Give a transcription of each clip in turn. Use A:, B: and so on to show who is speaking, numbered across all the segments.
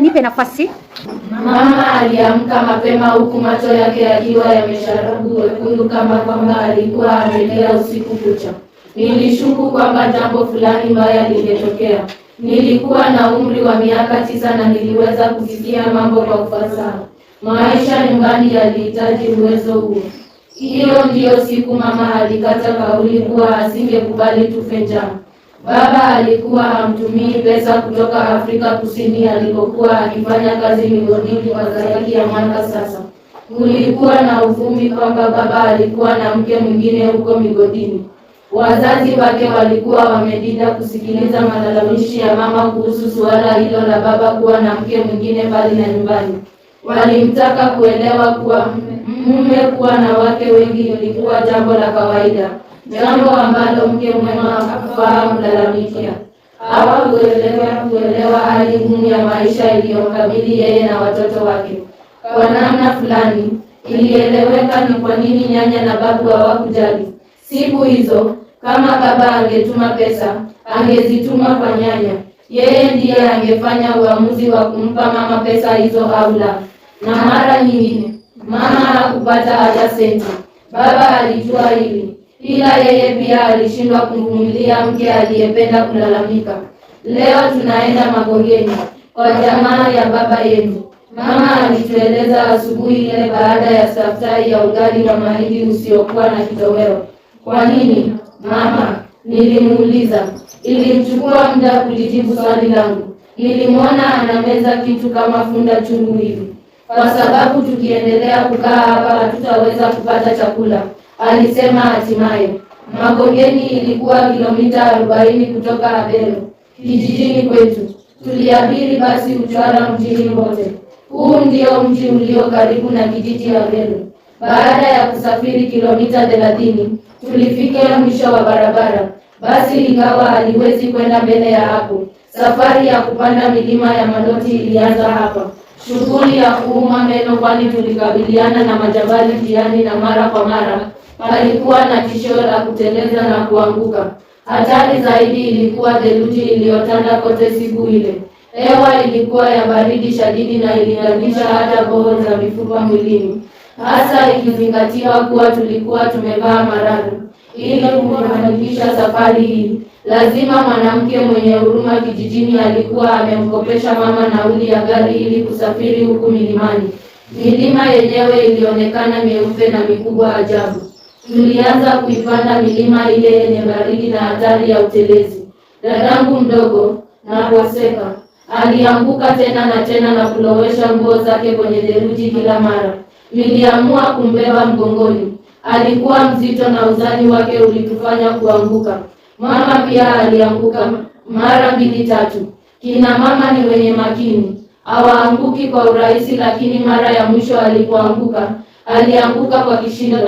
A: Nipe nafasi.
B: Mama aliamka mapema huku macho yake akiwa yamesharabu wekundu kama kwamba alikuwa amelia usiku kucha. Nilishuku kwamba jambo fulani baya lingetokea. Nilikuwa na umri wa miaka tisa na niliweza kusikia mambo kwa ufasaha. Maisha nyumbani yalihitaji uwezo huo. Hiyo ndiyo siku mama alikata kauli kuwa asingekubali tufe njaa. Baba alikuwa hamtumii pesa kutoka Afrika Kusini alipokuwa akifanya kazi migodini kwa zaidi ya mwaka sasa. Kulikuwa na uvumi kwamba baba alikuwa na mke mwingine huko migodini. Wazazi wake walikuwa wamedida kusikiliza malalamishi ya mama kuhusu suala hilo la baba kuwa na mke mwingine mbali na nyumbani. Walimtaka kuelewa kuwa mume kuwa na wake wengi ilikuwa jambo la kawaida jambo ambalo mke mwema akufaa mlalamikia. Hawakuelewa kuelewa hali ngumu ya maisha iliyomkabili yeye na watoto wake. Kwa namna fulani ilieleweka ni kwa nini nyanya na babu hawakujali siku hizo. Kama baba angetuma pesa, angezituma kwa nyanya. Yeye ndiye angefanya uamuzi wa kumpa mama pesa hizo au la. Na mara nyingine mama hakupata hata senti. Baba alijua hili ila yeye pia alishindwa kumvumilia mke aliyependa kulalamika. Leo tunaenda Magogeni kwa jamaa ya baba yenu. Mama alitueleza asubuhi ile baada ya staftahi ya ugali wa mahindi usiokuwa na kitoweo. Kwa nini mama? Nilimuuliza. Ilimchukua muda kulijibu swali langu. Nilimwona anameza kitu kama funda chungu hivi, kwa sababu tukiendelea kukaa hapa hatutaweza kupata chakula alisema hatimaye. Magogeni ilikuwa kilomita arobaini kutoka Abero kijijini kwetu. Tuliabiri basi Mtwara mjini mote. Huu ndio mji ulio karibu na kijiji Abero. Baada ya kusafiri kilomita thelathini tulifikia mwisho wa barabara. Basi ingawa haliwezi kwenda mbele ya hapo, safari ya kupanda milima ya Maloti ilianza hapa. Shughuli ya kuuma meno, kwani tulikabiliana na majabali njiani na mara kwa mara palikuwa na tishio la kuteleza na kuanguka. Hatari zaidi ilikuwa theluji iliyotanda kote siku ile. Hewa ilikuwa ya baridi shadidi na ilianisha hata boho za mifupa mwilini, hasa ikizingatiwa kuwa tulikuwa tumevaa maradhi. Ili kufanikisha safari hii, lazima mwanamke mwenye huruma kijijini alikuwa amemkopesha mama nauli ya gari ili kusafiri huku milimani. Milima yenyewe ilionekana meupe na mikubwa ajabu tulianza kuipanda milima ile yenye baridi na hatari ya utelezi. Dadangu mdogo na Boseka alianguka tena na tena na kulowesha nguo zake kwenye theluji kila mara. Niliamua kumbeba mgongoni, alikuwa mzito na uzani wake ulitufanya kuanguka. Mama pia alianguka mara mbili tatu. Kina mama ni wenye makini, hawaanguki kwa urahisi, lakini mara ya mwisho alipoanguka, alianguka kwa kishindo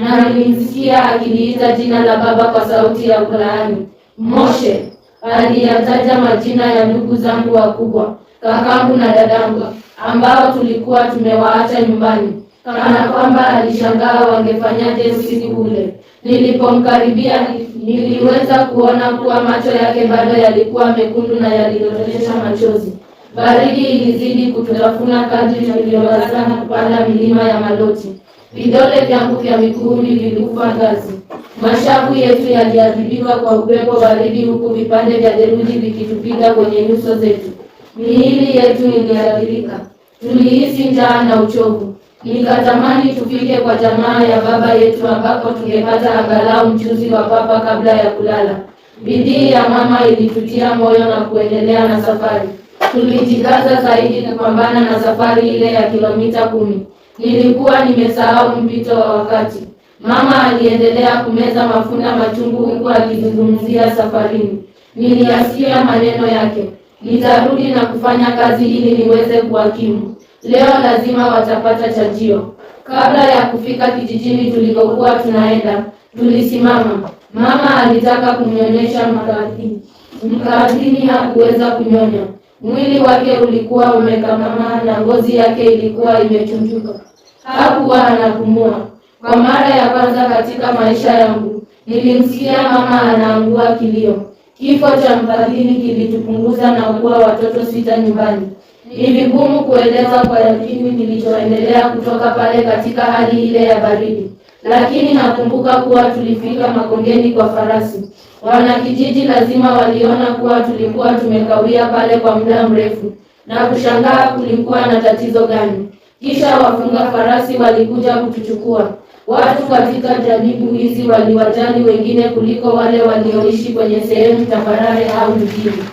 B: na nilimsikia akiliita jina la Baba kwa sauti ya kulaani. Moshe aliyataja majina ya ndugu zangu wakubwa, kakangu na dadangu, ambao tulikuwa tumewaacha nyumbani, kana kwamba alishangaa wangefanyaje usiku ule. Nilipomkaribia niliweza kuona kuwa macho yake bado yalikuwa mekundu na yalidondosha machozi. Baridi ilizidi kututafuna kadri tulivyowazana kupanda milima ya Maloti vidole vyangu vya miguuni vilikuwa ngazi, mashavu yetu yaliadhibiwa kwa upepo baridi, huku vipande vya theluji vikitupiga kwenye nyuso zetu. Miili yetu iliathirika, tulihisi njaa na uchovu. Nikatamani tufike kwa jamaa ya baba yetu, ambapo tungepata angalau mchuzi wa papa kabla ya kulala. Bidii ya mama ilitutia moyo na kuendelea na safari. Tulijikaza zaidi kupambana na safari ile ya kilomita kumi. Nilikuwa nimesahau mpito wa wakati. Mama aliendelea kumeza mafunda machungu huku akizungumzia safarini. Niliyasikia maneno yake, nitarudi na kufanya kazi ili niweze kuwakimu. Leo lazima watapata chajio. Kabla ya kufika kijijini tulikokuwa tunaenda, tulisimama. Mama alitaka kumnyonyesha mkaadhini, mkaadhini hakuweza kunyonya. Mwili wake ulikuwa umekamamaa na ngozi yake ilikuwa imechunjuka. Hakuwa anapumua. Kwa mara ya kwanza katika maisha yangu nilimsikia mama anaangua kilio. Kifo cha mfadhili kilitupunguza na kuwa watoto sita nyumbani. Ni vigumu kueleza kwa yakini kilichoendelea kutoka pale katika hali ile ya baridi, lakini nakumbuka kuwa tulifika Makongeni kwa farasi. Wanakijiji lazima waliona kuwa tulikuwa tumekawia pale kwa muda mrefu na kushangaa kulikuwa na tatizo gani. Kisha wafunga farasi walikuja kutuchukua. Watu katika jaribu hizi waliwajali wengine kuliko wale walioishi kwenye sehemu tambarare au mjini.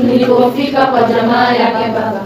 B: Tulipofika kwa jamaa yake baba,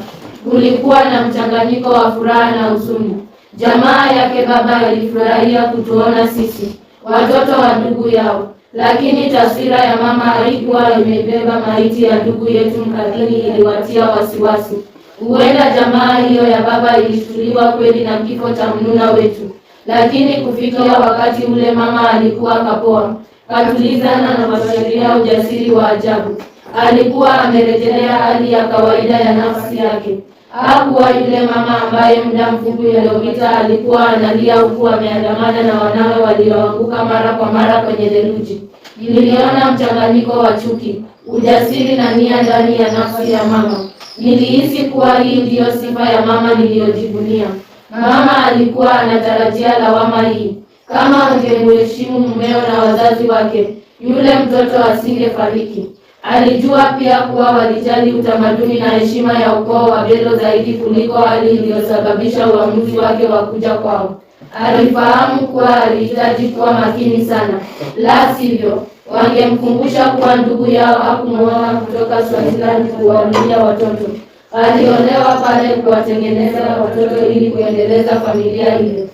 B: kulikuwa na mchanganyiko wa furaha na huzuni. Jamaa yake baba alifurahia kutuona sisi watoto wa ndugu yao lakini taswira ya mama alikuwa imebeba maiti ya ndugu yetu mkatili iliwatia wasiwasi. Huenda jamaa hiyo ya baba ilishtuliwa kweli na kifo cha mnuna wetu, lakini kufikia wakati ule mama alikuwa kapoa, katulizana na masheria ujasiri wa ajabu. Alikuwa amerejelea hali ya kawaida ya nafsi yake. Hakuwa yule mama ambaye muda mfupi uliopita alikuwa analia huku ameandamana na wanawe walioanguka mara kwa mara kwenye theluji. Niliona mchanganyiko wa chuki, ujasiri na nia ndani ya nafsi ya mama. Nilihisi kuwa hii ndiyo sifa ya mama niliyojivunia. Mama alikuwa anatarajia lawama hii. Kama angemheshimu mmeo na wazazi wake, yule mtoto asingefariki. Alijua pia kuwa walijali utamaduni na heshima ya ukoo wa Belo zaidi kuliko hali iliyosababisha uamuzi wake wa kuja kwao. Alifahamu kuwa alihitaji kuwa makini sana, la sivyo wangemkumbusha kuwa ndugu yao hakumwoa kutoka Swaziland kuwarudia watoto. Aliolewa pale kuwatengeneza watoto ili kuendeleza familia ile.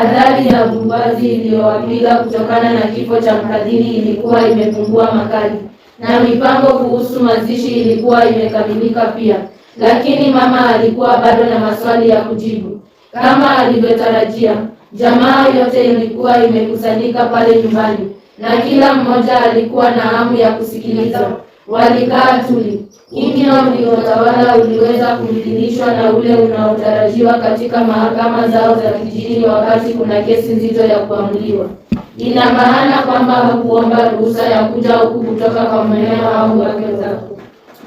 B: Adhari ya bumbazi iliyowapiga kutokana na kifo cha mhadhiri ilikuwa imepungua makali na mipango kuhusu mazishi ilikuwa imekamilika pia, lakini mama alikuwa bado na maswali ya kujibu. Kama alivyotarajia, jamaa yote ilikuwa imekusanyika pale nyumbani na kila mmoja alikuwa na hamu ya kusikiliza walikaa tuli. Injili uliotawala uliweza kulinganishwa na ule unaotarajiwa katika mahakama zao za kijiji wakati kuna kesi nzito ya kuamuliwa. Ina maana kwamba hakuomba ruhusa ya kuja huku kutoka kwa mwenyewe au wake zako.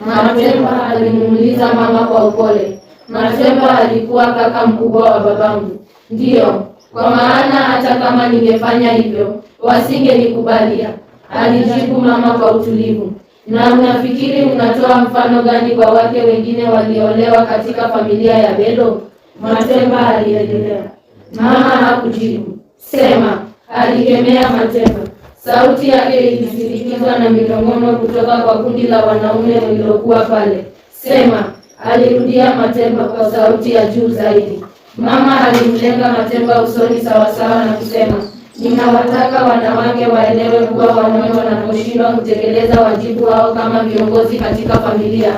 B: Matemba alimuuliza mama kwa upole. Matemba alikuwa kaka mkubwa wa babangu. Ndiyo, kwa maana hata kama ningefanya hivyo wasingenikubalia, alijibu mama kwa utulivu. Na mnafikiri unatoa mfano gani kwa wake wengine waliolewa katika familia ya Bedo? matemba aliendelea. Mama hakujibu. Sema, alikemea matemba Sauti yake ilisindikizwa na minong'ono kutoka kwa kundi la wanaume waliokuwa pale. Sema, alirudia matemba kwa sauti ya juu zaidi. Mama alimlenga matemba usoni sawasawa na kusema Ninawataka wanawake waelewe kuwa wanaume wanaposhindwa kutekeleza wajibu wao kama viongozi katika familia,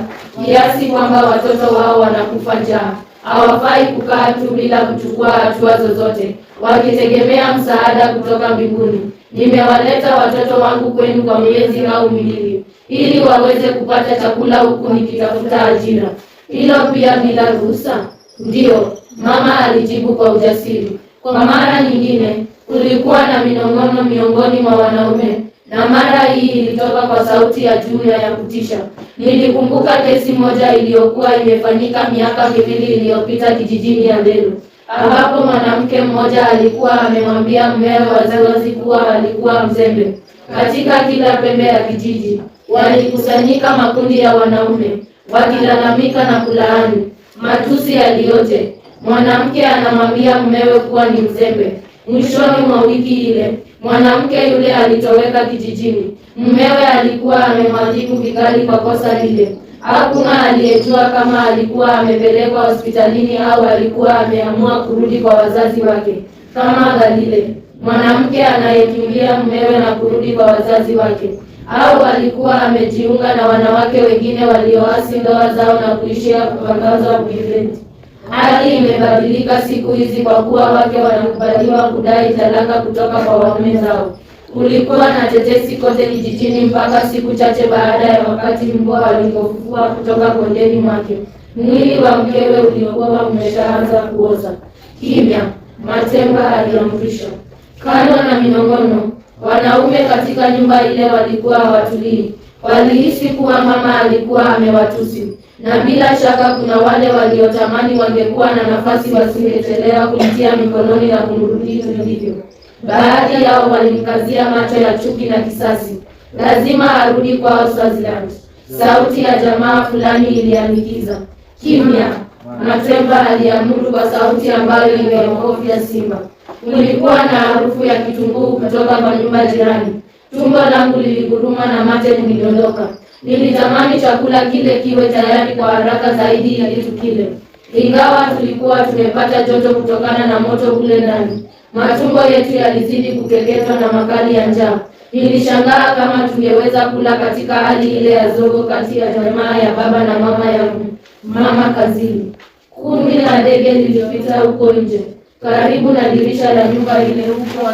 B: kiasi kwamba watoto wao wanakufa njaa, hawafai kukaa tu bila kuchukua hatua zozote, wakitegemea msaada kutoka mbinguni. Nimewaleta watoto wangu kwenu kwa miezi au miwili, ili waweze kupata chakula huku nikitafuta ajira. Hilo pia bila ruhusa? Ndiyo, mama alijibu kwa ujasiri. Kwa mara nyingine Kulikuwa na minong'ono miongoni mwa wanaume, na mara hii ilitoka kwa sauti ya juu ya ya kutisha. Nilikumbuka kesi moja iliyokuwa imefanyika miaka miwili iliyopita kijijini ya Lelu ambapo mwanamke mmoja alikuwa amemwambia mmewe wazazi kuwa alikuwa mzembe. Katika kila pembe ya kijiji walikusanyika makundi ya wanaume wakilalamika na kulaani matusi yaliyoje. Mwanamke anamwambia mmewe kuwa ni mzembe Mwishoni mwa wiki ile, mwanamke yule alitoweka kijijini. Mmewe alikuwa amemwadhibu vikali kwa kosa lile. Hakuna aliyejua kama alikuwa amepelekwa hospitalini au alikuwa ameamua kurudi kwa wazazi wake kama Galile, mwanamke anayekimbia mmewe na kurudi kwa wazazi wake, au alikuwa amejiunga na wanawake wengine walioasi ndoa zao na kuishia wagaza uivreti. Hali imebadilika siku hizi kwa kuwa wake wanakubaliwa kudai talaka kutoka kwa waume zao. Kulikuwa na tetesi kote kijijini mpaka siku chache baada ya wakati mbwa alipofua kutoka kondeni mwake. Mwili wa mkewe uliokuwa umeshaanza kuoza. Kimya, Matemba aliamrisha. Kando na minong'ono, wanaume katika nyumba ile walikuwa hawatulii. Walihisi kuwa mama alikuwa amewatusi, na bila shaka kuna wale waliotamani wangekuwa na nafasi wasingechelewa kumtia mikononi na kumrudisha hivyo. Baadhi yao walimkazia macho ya chuki na kisasi. Lazima arudi kwao Swaziland. Sauti ya jamaa fulani ilianikiza kimya. Matemba aliamuru kwa sauti ambayo ingemhofya simba. Kulikuwa na harufu ya kitunguu kutoka kwa nyumba jirani. Tumbo langu liliguruma na mate kunidondoka. Nilitamani chakula kile kiwe tayari kwa haraka zaidi ya kitu kile, ingawa tulikuwa tumepata joto kutokana na moto kule ndani. Matumbo yetu yalizidi kukeketwa na makali ya njaa. Nilishangaa kama tungeweza kula katika hali ile ya zogo kati ya jamaa ya baba na mama yangu, mama kazini. Kundi la ndege lilipita huko nje karibu na dirisha la nyumba ile, huko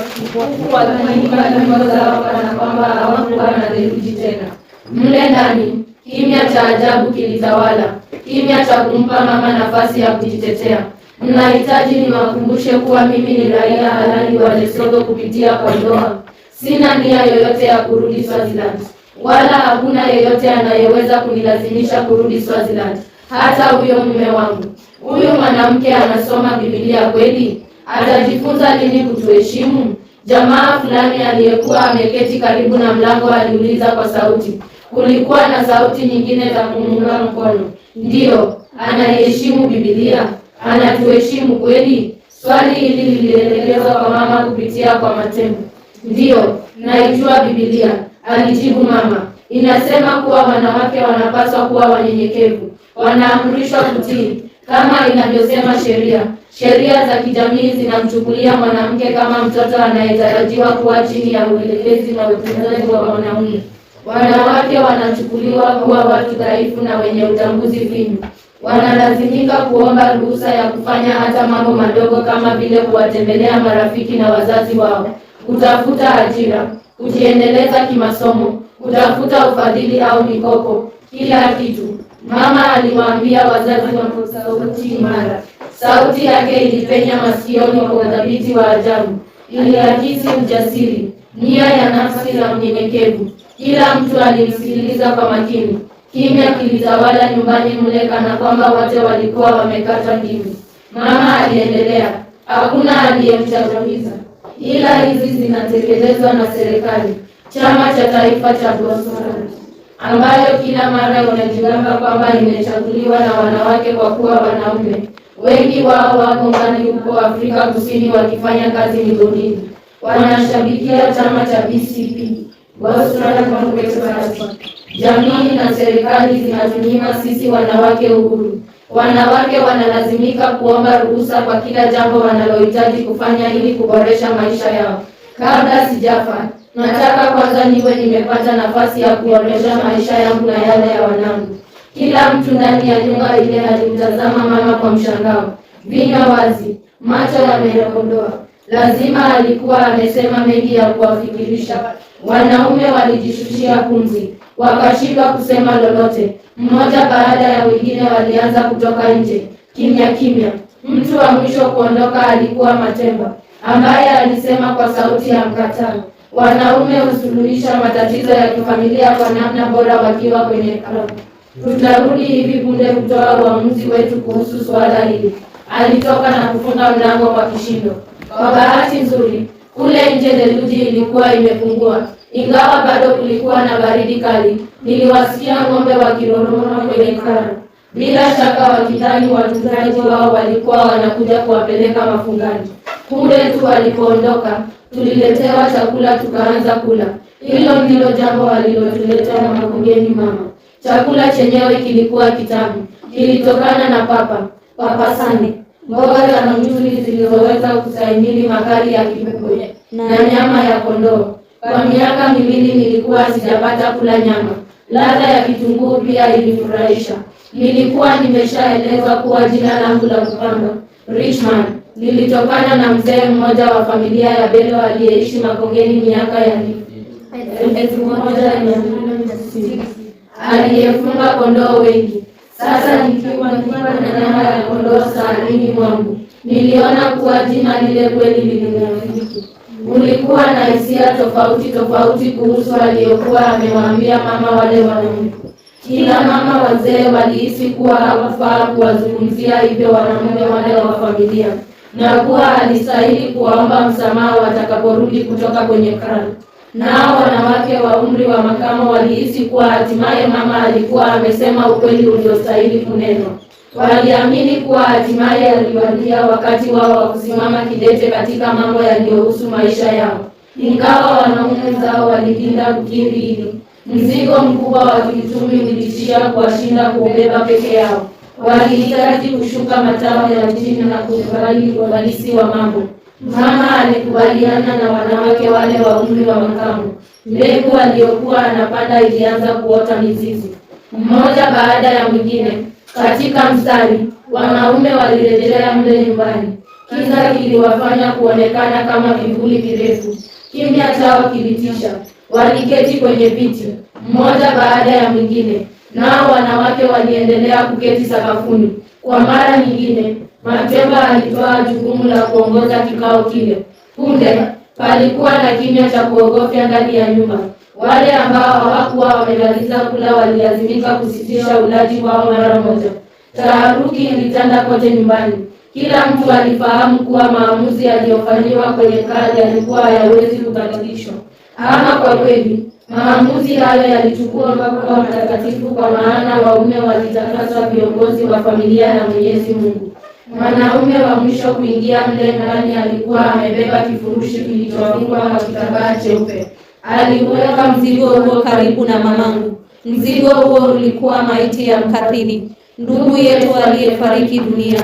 B: wakiimba nyimbo zao kana kwamba hawakuwa na theluji tena. Mle ndani kimya cha ajabu kilitawala, kimya cha kumpa mama nafasi ya kujitetea. Mnahitaji niwakumbushe kuwa mimi ni raia halali wa Lesotho kupitia kwa ndoa. Sina nia yoyote ya kurudi Swaziland, wala hakuna yeyote anayeweza kunilazimisha kurudi Swaziland, hata huyo mume wangu huyu mwanamke anasoma Biblia kweli? Atajifunza nini kutuheshimu? Jamaa fulani aliyekuwa ameketi karibu na mlango aliuliza kwa sauti. Kulikuwa na sauti nyingine za kumuunga mkono. Ndiyo, anaiheshimu Biblia, anatuheshimu kweli? Swali hili lilielekezwa kwa mama kupitia kwa Matendo. Ndiyo, naijua Biblia, alijibu mama. Inasema kuwa wanawake wanapaswa kuwa wanyenyekevu, wanaamrishwa kutii kama inavyosema sheria. Sheria za kijamii zinamchukulia mwanamke kama mtoto anayetarajiwa kuwa chini ya uelekezi na utunzaji wa wanaume. Wanawake wanachukuliwa kuwa watu dhaifu na wenye utambuzi finyu. Wanalazimika kuomba ruhusa ya kufanya hata mambo madogo kama vile kuwatembelea marafiki na wazazi wao, kutafuta ajira, kujiendeleza kimasomo, kutafuta ufadhili au mikopo, kila kitu. Mama aliwaambia wazazi wa sauti imara. Sauti yake ilipenya masikioni kwa udhabiti wa ajabu, iliakisi ujasiri, nia ya nafsi na unyenyekevu. Kila mtu alimsikiliza kwa makini. Kimya kilitawala nyumbani mle, kana kwamba wote walikuwa wamekata ndimi. Mama aliendelea, hakuna aliyemchaguliza, ila hizi zinatekelezwa na serikali, chama cha taifa cha Bolsonaro ambayo kila mara unajigamba kwamba imechaguliwa na wanawake kwa kuwa wanaume wengi wao wako ndani huko Afrika Kusini wakifanya kazi migodini, wanashabikia chama cha BCP jamii na serikali zinatunyima sisi wanawake uhuru. Wanawake wanalazimika kuomba ruhusa kwa kila jambo wanalohitaji kufanya ili kuboresha maisha yao. Kabla sijafa Nataka kwanza niwe nimepata nafasi ya kuonesha maisha yangu na yale ya wanangu. Kila mtu ndani ya nyumba ile alimtazama mama kwa mshangao, vinywa wazi, macho yamerohodoa. Lazima alikuwa amesema mengi ya kuwafikirisha. Wanaume walijishushia pumzi, wakashindwa kusema lolote. Mmoja baada ya wengine walianza kutoka nje kimya kimya. Mtu wa mwisho kuondoka alikuwa Matemba ambaye alisema kwa sauti ya mkataa, Wanaume husuluhisha matatizo ya kifamilia kwa namna bora wakiwa kwenye klabu. Tutarudi hivi punde kutoa uamuzi wetu kuhusu suala hili. Alitoka na kufunga mlango kwa kishindo. Kwa bahati nzuri, kule nje theluji ilikuwa imepungua, ingawa bado kulikuwa na baridi kali. Niliwasikia ng'ombe wakiroroma kwenye karo, bila shaka wakidhani watunzaji wao walikuwa wanakuja kuwapeleka mafungani. Punde tu walipoondoka tuliletewa chakula tukaanza kula. Hilo ndilo jambo mama Mgeni mama. Chakula chenyewe kilikuwa kitamu, kilitokana na papa sani, mboga za mjuri zilizoweza kustahimili makali ya kipepo na nyama ya kondoo. Kwa miaka miwili nilikuwa sijapata kula nyama. Ladha ya kitunguu pia ilifurahisha Nilikuwa nimeshaelezwa kuwa jina langu la kupanga Richman lilitokana na mzee mmoja wa familia ya Belo aliyeishi Makongeni miaka ya elfu moja mia sitini aliyefunga kondoo wengi. Sasa nikiwa na nyama ya kondoo sahanini mwangu, niliona kuwa jina lile kweli lilimeandikwa. Ulikuwa na hisia tofauti tofauti kuhusu aliyokuwa amewaambia mama wale wanaume. Kila mama wazee walihisi kuwa hawafaa kuwazungumzia hivyo wanaume wale wa familia na kuwa alistahili kuwaomba msamaha watakaporudi kutoka kwenye kran. Nao wanawake wa umri wa makamo walihisi kuwa hatimaye mama alikuwa amesema ukweli uliostahili kunenwa. Waliamini kuwa hatimaye aliwadia wakati wao wa kusimama kidete katika mambo yaliyohusu maisha yao. Ingawa wanaume zao walipinda kukiri hili, mzigo mkubwa wa kiuchumi ulitishia kuwashinda kuubeba peke yao. Walihitaji kushuka matawa ya mjini na kufariki uhalisi wa mambo. Mama alikubaliana na wanawake wale wa umri wa makamu. Mbegu aliyokuwa anapanda ilianza kuota mizizi, mmoja baada ya mwingine. Katika mstari, wanaume walirejelea mle nyumbani. Kiza kiliwafanya kuonekana kama vivuli virefu Kimya chao kilitisha. Waliketi kwenye viti, mmoja baada ya mwingine nao wanawake waliendelea kuketi sakafuni. Kwa mara nyingine, Matemba alitoa jukumu la kuongoza kikao kile. Punde palikuwa na kimya cha kuogofya ndani ya nyumba. Wale ambao hawakuwa wamemaliza kula walilazimika kusitisha ulaji wao mara moja. Taharuki ilitanda kote nyumbani. Kila mtu alifahamu kuwa maamuzi yaliyofanyiwa kwenye kazi yalikuwa hayawezi kubadilishwa. Ama kwa kweli Maamuzi hayo yalichukua kwa Mtakatifu, kwa maana waume walitakaswa viongozi wa familia na Mwenyezi Mungu. Mwanaume wa mwisho kuingia mle ndani alikuwa amebeba kifurushi kilichofungwa kwa kitambaa cheupe. Aliuweka mzigo huo karibu na mamangu. Mzigo huo ulikuwa maiti ya mkathiri, ndugu yetu aliyefariki dunia.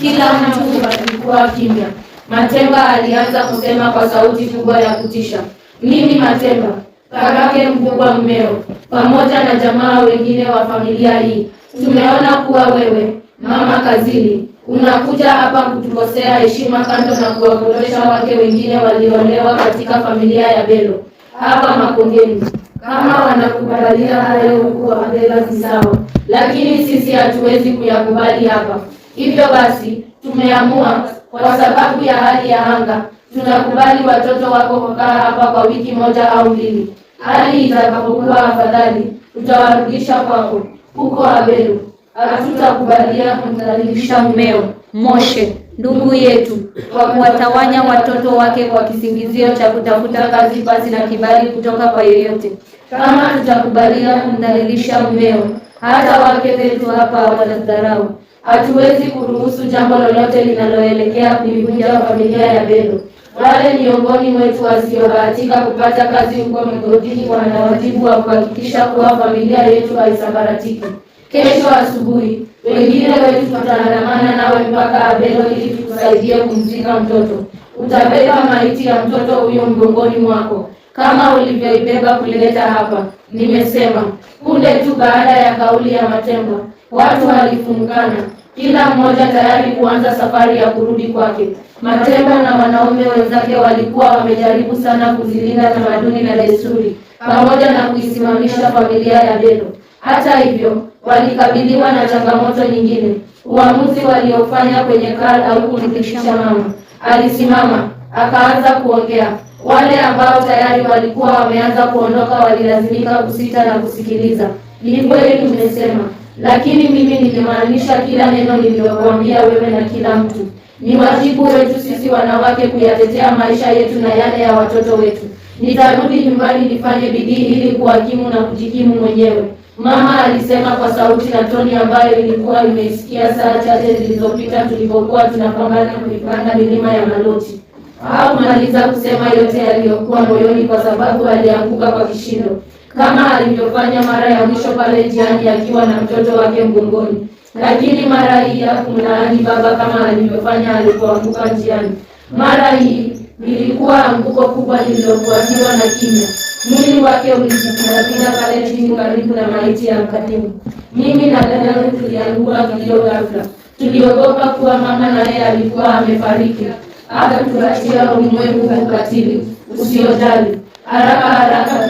B: Kila mtu alikuwa kimya. Matemba alianza kusema kwa sauti kubwa ya kutisha, mimi Matemba Karake mkubwa mmeo, pamoja na jamaa wengine wa familia hii. Tumeona kuwa wewe mama Kazili unakuja hapa kutukosea heshima, kando na kuwagolesha wake wengine waliolewa katika familia ya belo hapa Makongeni. Kama wanakubalia hayo huku Abela si sawa, lakini sisi hatuwezi kuyakubali hapa. Hivyo basi tumeamua kwa sababu ya hali ya anga tunakubali watoto wako kukaa hapa kwa wiki moja au mbili, hali itakapokuwa afadhali tutawarudisha kwako huko Abelu. Hatutakubalia kumdhalilisha mmeo Moshe ndugu yetu kwa kuwatawanya watoto wake kwa kisingizio cha kutafuta kazi pasi na kibali kutoka kwa yeyote. Kama tutakubalia kumdhalilisha mmeo, hata wake wetu hapa watatudharau. Hatuwezi kuruhusu jambo lolote linaloelekea kuivunja familia ya Belo. Wale miongoni mwetu wasiobahatika kupata kazi huko migodini wana wajibu wa kuhakikisha kuwa familia yetu haisambaratiki. Kesho asubuhi wengine wetu tutaandamana nawe mpaka Abelo ili tukusaidie kumzika mtoto. Utabeba maiti ya mtoto huyo mgongoni mwako kama ulivyoibeba kulileta hapa. Nimesema punde tu baada ya kauli ya Matemba, watu walifungana kila mmoja tayari kuanza safari ya kurudi kwake. Matemba na wanaume wenzake walikuwa wamejaribu sana kuzilinda tamaduni na desturi pamoja na kuisimamisha familia ya Beno. Hata hivyo, walikabiliwa na changamoto nyingine. Uamuzi waliofanya kwenye au haukumridhisha mama. Alisimama akaanza kuongea. Wale ambao tayari walikuwa wameanza kuondoka walilazimika kusita na kusikiliza. Ni kweli tumesema lakini mimi nimemaanisha kila neno nililokuambia wewe na kila mtu. Ni wajibu wetu sisi wanawake kuyatetea maisha yetu na yale ya watoto wetu. Nitarudi nyumbani nifanye bidii ili kuhakimu na kujikimu mwenyewe, mama alisema kwa sauti na toni ambayo ilikuwa imeisikia saa chache zilizopita tulipokuwa tunapambana kuipanda milima ya Maloti. Hakumaliza kusema yote yaliyokuwa moyoni, kwa sababu alianguka kwa kishindo kama alivyofanya mara ya mwisho pale njiani akiwa na mtoto wake mgongoni, lakini mara hii hakumlaani baba kama alivyofanya alipoanguka njiani. Mara hii lilikuwa anguko kubwa lililofuatiwa na kimya. Mwili wake ulijipindapinda pale chini karibu na maiti ya mkatimu. Mimi na dadangu tuliangua kilio ghafla, tuliogopa kuwa mama naye alikuwa amefariki, akatuachia ulimwengu ukatili usiojali. Haraka haraka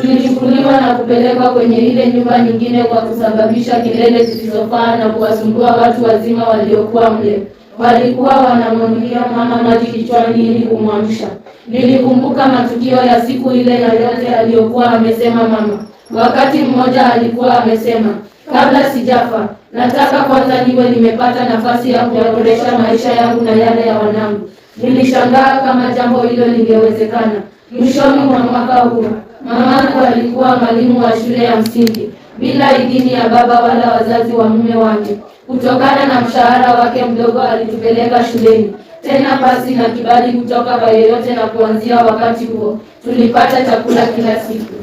B: tulichukuliwa na kupelekwa kwenye ile nyumba nyingine kwa kusababisha kelele zisizofaa na kuwasumbua watu wazima waliokuwa mle. Walikuwa wanamwagilia mama maji kichwani ili kumwamsha. Nilikumbuka matukio ya siku ile na yote aliyokuwa amesema mama. Wakati mmoja alikuwa amesema, kabla sijafa nataka kwanza niwe nimepata nafasi ya kuyaboresha maisha yangu na yale ya wanangu. Nilishangaa kama jambo hilo lingewezekana. Mwishoni mwa mwaka huo Mamangu alikuwa mwalimu wa shule ya msingi bila idhini ya baba wala wazazi wa mume wake. Kutokana na mshahara wake mdogo, alitupeleka shuleni tena pasi na kibali kutoka kwa yeyote, na kuanzia wakati huo tulipata chakula kila siku.